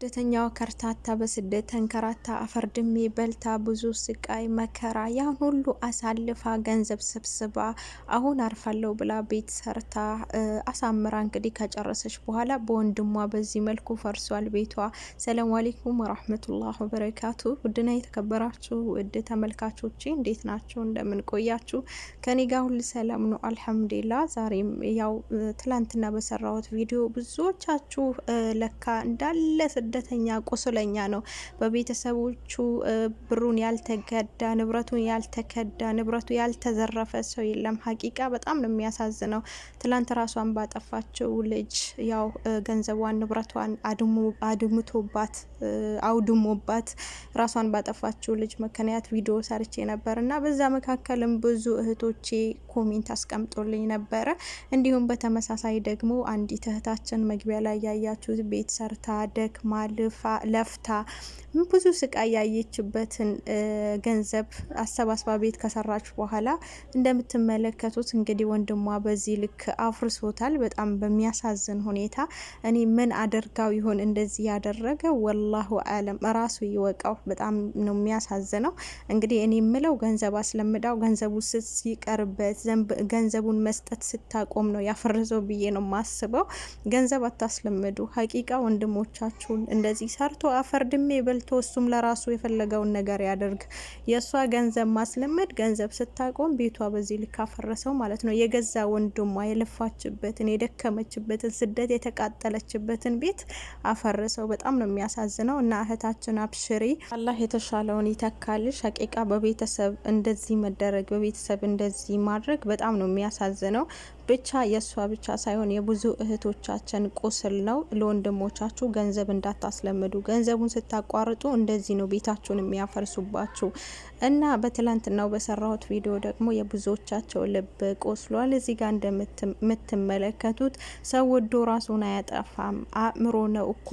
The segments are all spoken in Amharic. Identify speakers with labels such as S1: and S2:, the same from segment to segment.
S1: ስደተኛዋ ከርታታ በስደት ተንከራታ አፈር ድሜ በልታ ብዙ ስቃይ መከራ ያን ሁሉ አሳልፋ ገንዘብ ሰብስባ አሁን አርፋለሁ ብላ ቤት ሰርታ አሳምራ እንግዲህ ከጨረሰች በኋላ በወንድሟ በዚህ መልኩ ፈርሷል ቤቷ። ሰላም አሌይኩም ወራህመቱላህ ወበረካቱ። ውድና የተከበራችሁ ውድ ተመልካቾቼ እንዴት ናቸው? እንደምን ቆያችሁ? ከኔ ጋር ሁሉ ሰላም ነው አልሐምዱላ። ዛሬም ያው ትላንትና በሰራሁት ቪዲዮ ብዙዎቻችሁ ለካ እንዳለ ስደተኛ ቁስለኛ ነው። በቤተሰቦቹ ብሩን ያልተገዳ ንብረቱን ያልተከዳ ንብረቱ ያልተዘረፈ ሰው የለም። ሀቂቃ በጣም ነው የሚያሳዝነው። ትላንት ራሷን ባጠፋቸው ልጅ ያው ገንዘቧን ንብረቷን አድምቶባት አውድሞባት ራሷን ባጠፋችው ልጅ ምክንያት ቪዲዮ ሰርቼ ነበር እና በዛ መካከልም ብዙ እህቶቼ ኮሜንት አስቀምጦልኝ ነበረ። እንዲሁም በተመሳሳይ ደግሞ አንዲት እህታችን መግቢያ ላይ ያያችሁት ቤት ሰርታ ደክማ ለፍታ ብዙ ስቃይ ያየችበትን ገንዘብ አሰባስባ ቤት ከሰራች በኋላ እንደምትመለከቱት እንግዲህ ወንድሟ በዚህ ልክ አፍርሶታል። በጣም በሚያሳዝን ሁኔታ እኔ ምን አደርጋው ይሆን እንደዚህ ያደረገ? ወላሁ አለም ራሱ ይወቃው። በጣም ነው የሚያሳዝነው። እንግዲህ እኔ የምለው ገንዘብ አስለምዳው፣ ገንዘቡ ሲቀርበት፣ ገንዘቡን መስጠት ስታቆም ነው ያፈረሰው ብዬ ነው የማስበው። ገንዘብ አታስለምዱ። ሀቂቃ ወንድሞቻችሁን እንደዚህ ሰርቶ አፈር ድሜ በልቶ እሱም ለራሱ የፈለገውን ነገር ያደርግ። የእሷ ገንዘብ ማስለመድ ገንዘብ ስታቆም ቤቷ በዚህ ልክ አፈረሰው ማለት ነው። የገዛ ወንድሟ የለፋችበትን የደከመችበትን ስደት የተቃጠለችበትን ቤት አፈረሰው። በጣም ነው የሚያሳዝነው። እና እህታችን አብሽሪ፣ አላህ የተሻለውን ይተካልሽ። ሀቂቃ በቤተሰብ እንደዚህ መደረግ በቤተሰብ እንደዚህ ማድረግ በጣም ነው የሚያሳዝነው። ብቻ የእሷ ብቻ ሳይሆን የብዙ እህቶቻችን ቁስል ነው። ለወንድሞቻችሁ ገንዘብ እንዳታስለምዱ። ገንዘቡን ስታቋርጡ እንደዚህ ነው ቤታችሁን የሚያፈርሱባችሁ። እና በትላንትናው በሰራሁት ቪዲዮ ደግሞ የብዙዎቻቸው ልብ ቆስሏል። እዚህ ጋር እንደምትመለከቱት ሰው ወዶ ራሱን አያጠፋም። አእምሮ ነው እኮ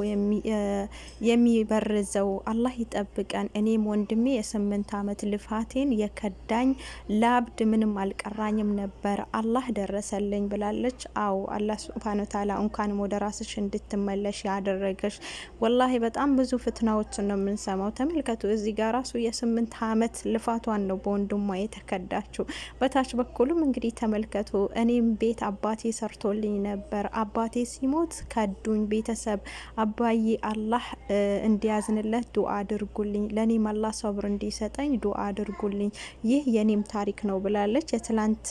S1: የሚበርዘው። አላህ ይጠብቀን። እኔም ወንድሜ የስምንት አመት ልፋቴን የከዳኝ ላብድ ምንም አልቀራኝም ነበር። አላህ ደረሰ አለኝ ብላለች። አዎ አላህ ሱብሃነ ወተዓላ እንኳንም ወደ ራስሽ እንድትመለሽ ያደረገሽ። ወላሂ በጣም ብዙ ፍትናዎችን ነው የምንሰማው። ተመልከቱ፣ እዚህ ጋር ራሱ የስምንት አመት ልፋቷን ነው በወንድሟ የተከዳችው። በታች በኩልም እንግዲህ ተመልከቱ፣ እኔም ቤት አባቴ ሰርቶልኝ ነበር፣ አባቴ ሲሞት ከዱኝ። ቤተሰብ አባዬ አላህ እንዲያዝንለት ዱአ አድርጉልኝ፣ ለእኔም አላህ ሰብር እንዲሰጠኝ ዱአ አድርጉልኝ። ይህ የኔም ታሪክ ነው ብላለች። የትላንት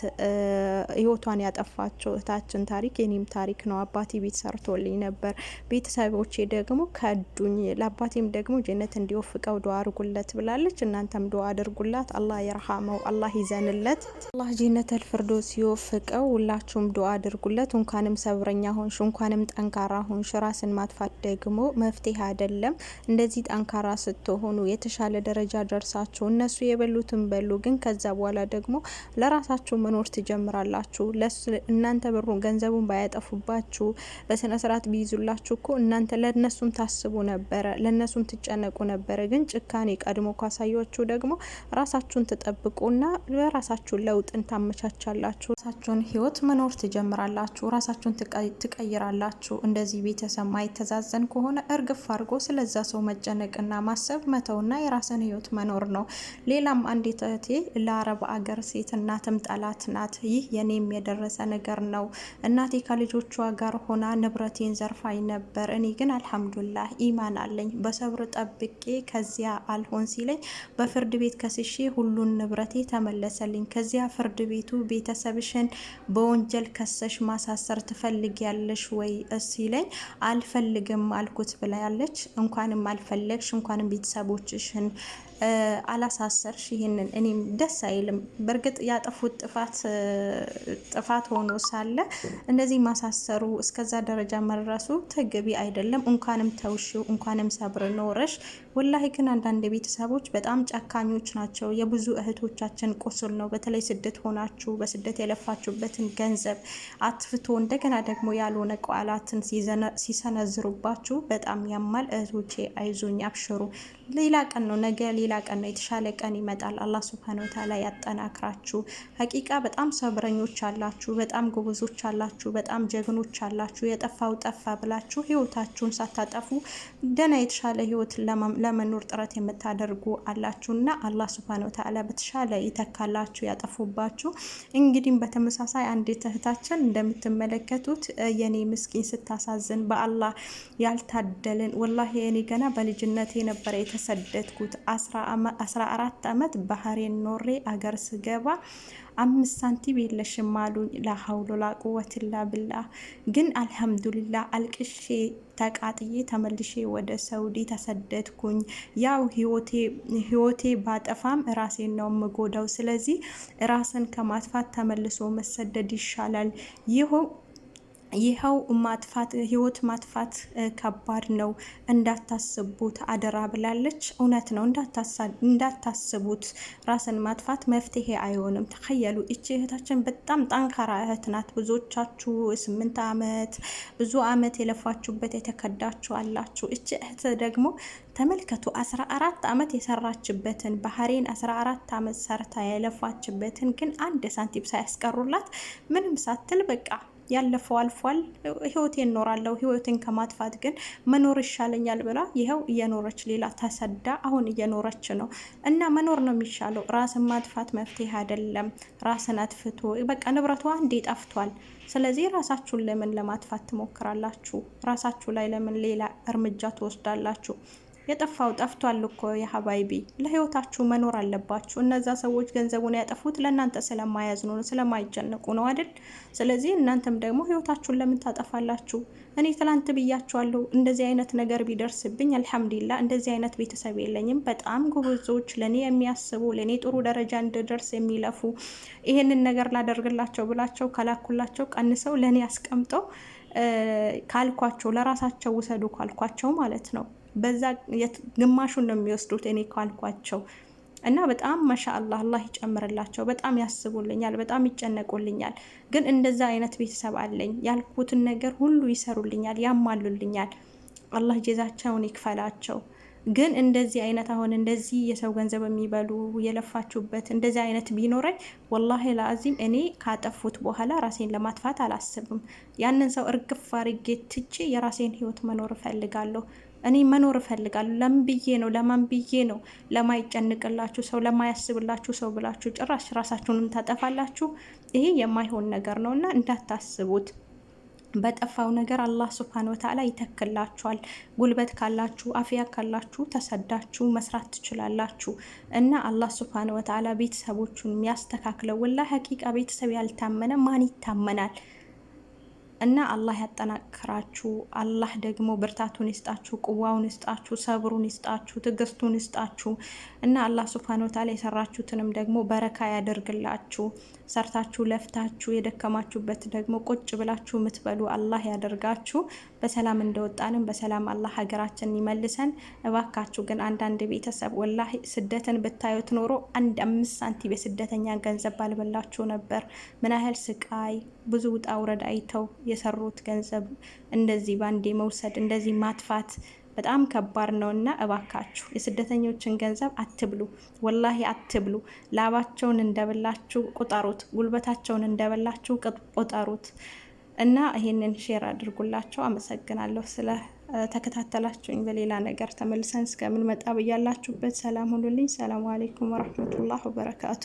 S1: ህይወቷን ያጠፋ የጠፋቸው እህታችን ታሪክ የኔም ታሪክ ነው። አባቴ ቤት ሰርቶልኝ ነበር፣ ቤተሰቦቼ ደግሞ ከዱኝ፣ ለአባቴም ደግሞ ጀነት እንዲወፍቀው ዱዓ አድርጉለት ብላለች። እናንተም ዱዓ አድርጉላት። አላህ የርሃመው፣ አላህ ይዘንለት፣ አላህ ጀነት አልፍርዶ ሲወፍቀው ሁላችሁም ዱዓ አድርጉለት። እንኳንም ሰብረኛ ሆንሽ፣ እንኳንም ጠንካራ ሆንሽ። ራስን ማጥፋት ደግሞ መፍትሄ አይደለም። እንደዚህ ጠንካራ ስትሆኑ የተሻለ ደረጃ ደርሳችሁ እነሱ የበሉትን በሉ፣ ግን ከዛ በኋላ ደግሞ ለራሳችሁ መኖር ትጀምራላችሁ። እናንተ ብሩን ገንዘቡን ባያጠፉባችሁ በስነ ስርዓት ቢይዙላችሁ እኮ እናንተ ለነሱም ታስቡ ነበረ፣ ለነሱም ትጨነቁ ነበረ። ግን ጭካኔ ቀድሞ ካሳያችሁ ደግሞ ራሳችሁን ትጠብቁና ራሳችሁን ለውጥን ታመቻቻላችሁ። ራሳችሁን ህይወት መኖር ትጀምራላችሁ። ራሳችሁን ትቀይራላችሁ። እንደዚህ ቤተሰብ ማይተዛዘን ከሆነ እርግፍ አድርጎ ስለዛ ሰው መጨነቅና ማሰብ መተውና የራስን ህይወት መኖር ነው። ሌላም አንዲት እህቴ ለአረብ አገር ሴት እናትም ጠላት ናት። ይህ የኔም የደረሰ ነገር ነው። እናቴ ከልጆቿ ጋር ሆና ንብረቴን ዘርፋኝ ነበር። እኔ ግን አልሐምዱላህ ኢማን አለኝ። በሰብር ጠብቄ ከዚያ አልሆን ሲለኝ በፍርድ ቤት ከስሼ ሁሉን ንብረቴ ተመለሰልኝ። ከዚያ ፍርድ ቤቱ ቤተሰብሽን በወንጀል ከሰሽ ማሳሰር ትፈልጊያለሽ ወይ ሲለኝ አልፈልግም አልኩት ብላለች። እንኳንም አልፈለግሽ እንኳንም ቤተሰቦችሽን አላሳሰርሽ። ይህንን እኔም ደስ አይልም። በእርግጥ ያጠፉት ጥፋት ጥፋት ሆኖ ሳለ እንደዚህ ማሳሰሩ እስከዛ ደረጃ መድረሱ ተገቢ አይደለም። እንኳንም ተውሽው፣ እንኳንም ሰብር ኖረሽ። ወላሂ ግን አንዳንድ ቤተሰቦች በጣም ጨካኞች ናቸው። የብዙ እህቶቻችን ቁስል ነው። በተለይ ስደት ሆናችሁ በስደት የለፋችሁበትን ገንዘብ አትፍቶ እንደገና ደግሞ ያልሆነ ቃላትን ሲሰነዝሩባችሁ በጣም ያማል። እህቶቼ አይዞኝ፣ አብሽሩ። ሌላ ቀን ነው ነገ ሌላ ቀን ነው፣ የተሻለ ቀን ይመጣል። አላህ ሱብሃነ ወተዓላ ያጠናክራችሁ። ሀቂቃ በጣም ሰብረኞች አላችሁ፣ በጣም ጎበዞች አላችሁ፣ በጣም ጀግኖች አላችሁ። የጠፋው ጠፋ ብላችሁ ህይወታችሁን ሳታጠፉ ደህና የተሻለ ህይወት ለመኖር ጥረት የምታደርጉ አላችሁና አላህ ሱብሃነ ወተዓላ በተሻለ ይተካላችሁ፣ ያጠፉባችሁ። እንግዲህ በተመሳሳይ አንዴ እህታችን እንደምትመለከቱት የኔ ምስኪን ስታሳዝን በአላህ ያልታደልን ወላሂ የኔ ገና በልጅነቴ ነበረ የተሰደድኩት አስራ 14 ዓመት ባህሬን ኖሬ አገር ስገባ አምስት ሳንቲም የለሽም አሉኝ። ላሀውሎላ ቁወትላ ብላ ግን አልሐምዱሊላ አልቅሼ ተቃጥዬ ተመልሼ ወደ ሰውዲ ተሰደድኩኝ። ያው ህይወቴ ባጠፋም ራሴን ነው ምጎዳው። ስለዚህ ራስን ከማጥፋት ተመልሶ መሰደድ ይሻላል። ይኸው ይኸው ማጥፋት ህይወት ማጥፋት ከባድ ነው እንዳታስቡት አደራ ብላለች። እውነት ነው እንዳታስቡት። ራስን ማጥፋት መፍትሄ አይሆንም። ተከየሉ እቺ እህታችን በጣም ጠንካራ እህት ናት። ብዙዎቻችሁ ስምንት አመት ብዙ አመት የለፋችሁበት የተከዳችሁ አላችሁ። እቺ እህት ደግሞ ተመልከቱ አስራ አራት አመት የሰራችበትን ባህሬን አስራ አራት አመት ሰርታ የለፋችበትን ግን አንድ ሳንቲም ሳያስቀሩላት ምንም ሳትል በቃ ያለፈው አልፏል፣ ህይወቴን እኖራለሁ፣ ህይወቴን ከማጥፋት ግን መኖር ይሻለኛል ብላ ይኸው እየኖረች ሌላ ተሰዳ አሁን እየኖረች ነው። እና መኖር ነው የሚሻለው። ራስን ማጥፋት መፍትሄ አይደለም። ራስን አጥፍቶ በቃ ንብረቷ እንዴ ጠፍቷል። ስለዚህ ራሳችሁን ለምን ለማጥፋት ትሞክራላችሁ? ራሳችሁ ላይ ለምን ሌላ እርምጃ ትወስዳላችሁ? የጠፋው ጠፍቷል እኮ የሀባይቢ ለህይወታችሁ መኖር አለባችሁ። እነዛ ሰዎች ገንዘቡን ያጠፉት ለእናንተ ስለማያዝኑ ነው፣ ስለማይጨንቁ ነው አይደል? ስለዚህ እናንተም ደግሞ ህይወታችሁን ለምን ታጠፋላችሁ? እኔ ትላንት ብያችኋለሁ፣ እንደዚህ አይነት ነገር ቢደርስብኝ አልሐምዱሊላህ፣ እንደዚህ አይነት ቤተሰብ የለኝም። በጣም ጉብዞች፣ ለእኔ የሚያስቡ ለእኔ ጥሩ ደረጃ እንድደርስ የሚለፉ ይህንን ነገር ላደርግላቸው ብላቸው ከላኩላቸው ቀንሰው ለእኔ አስቀምጠው ካልኳቸው ለራሳቸው ውሰዱ ካልኳቸው ማለት ነው በዛ ግማሹን ነው የሚወስዱት እኔ ካልኳቸው እና በጣም ማሻአላ አላህ ይጨምርላቸው። በጣም ያስቡልኛል፣ በጣም ይጨነቁልኛል። ግን እንደዛ አይነት ቤተሰብ አለኝ። ያልኩትን ነገር ሁሉ ይሰሩልኛል፣ ያማሉልኛል። አላህ ጀዛቸውን ይክፈላቸው። ግን እንደዚህ አይነት አሁን እንደዚህ የሰው ገንዘብ የሚበሉ የለፋችሁበት እንደዚህ አይነት ቢኖረኝ ወላሂ ለአዚም እኔ ካጠፉት በኋላ ራሴን ለማጥፋት አላስብም። ያንን ሰው እርግፍ አርጌ ትቼ የራሴን ህይወት መኖር እፈልጋለሁ። እኔ መኖር እፈልጋለሁ። ለምን ብዬ ነው? ለማን ብዬ ነው? ለማይጨንቅላችሁ ሰው፣ ለማያስብላችሁ ሰው ብላችሁ ጭራሽ ራሳችሁንም ታጠፋላችሁ። ይሄ የማይሆን ነገር ነው እና እንዳታስቡት። በጠፋው ነገር አላህ ስብሃነ ወተዓላ ይተክላችኋል። ጉልበት ካላችሁ አፍያ ካላችሁ ተሰዳችሁ መስራት ትችላላችሁ እና አላህ ስብሃነ ወተዓላ ቤተሰቦቹን የሚያስተካክለው ወላ ሀቂቃ ቤተሰብ ያልታመነ ማን ይታመናል? እና አላህ ያጠናክራችሁ። አላህ ደግሞ ብርታቱን ይስጣችሁ፣ ቁዋውን ይስጣችሁ፣ ሰብሩን ይስጣችሁ፣ ትዕግስቱን ይስጣችሁ እና አላህ ሱብሃነሁ ወተዓላ የሰራችሁትንም ደግሞ በረካ ያደርግላችሁ። ሰርታችሁ ለፍታችሁ የደከማችሁበት ደግሞ ቁጭ ብላችሁ የምትበሉ አላህ ያደርጋችሁ። በሰላም እንደወጣንም በሰላም አላህ ሀገራችን ይመልሰን። እባካችሁ ግን አንዳንድ ቤተሰብ ወላሂ ስደትን ብታዩት ኖሮ አንድ አምስት ሳንቲም የስደተኛ ገንዘብ ባልበላችሁ ነበር። ምን ያህል ስቃይ ብዙ ውጣ ውረድ አይተው የሰሩት ገንዘብ እንደዚህ ባንዴ መውሰድ እንደዚህ ማጥፋት በጣም ከባድ ነው እና እባካችሁ የስደተኞችን ገንዘብ አትብሉ፣ ወላሂ አትብሉ። ላባቸውን እንደበላችሁ ቁጠሩት፣ ጉልበታቸውን እንደበላችሁ ቁጠሩት። እና ይሄንን ሼር አድርጉላቸው። አመሰግናለሁ ስለ ተከታተላችሁኝ። በሌላ ነገር ተመልሰን እስከምንመጣ ብያላችሁበት ሰላም ሁኑልኝ። ሰላሙ አሌይኩም ወረህመቱላህ ወበረካቱ።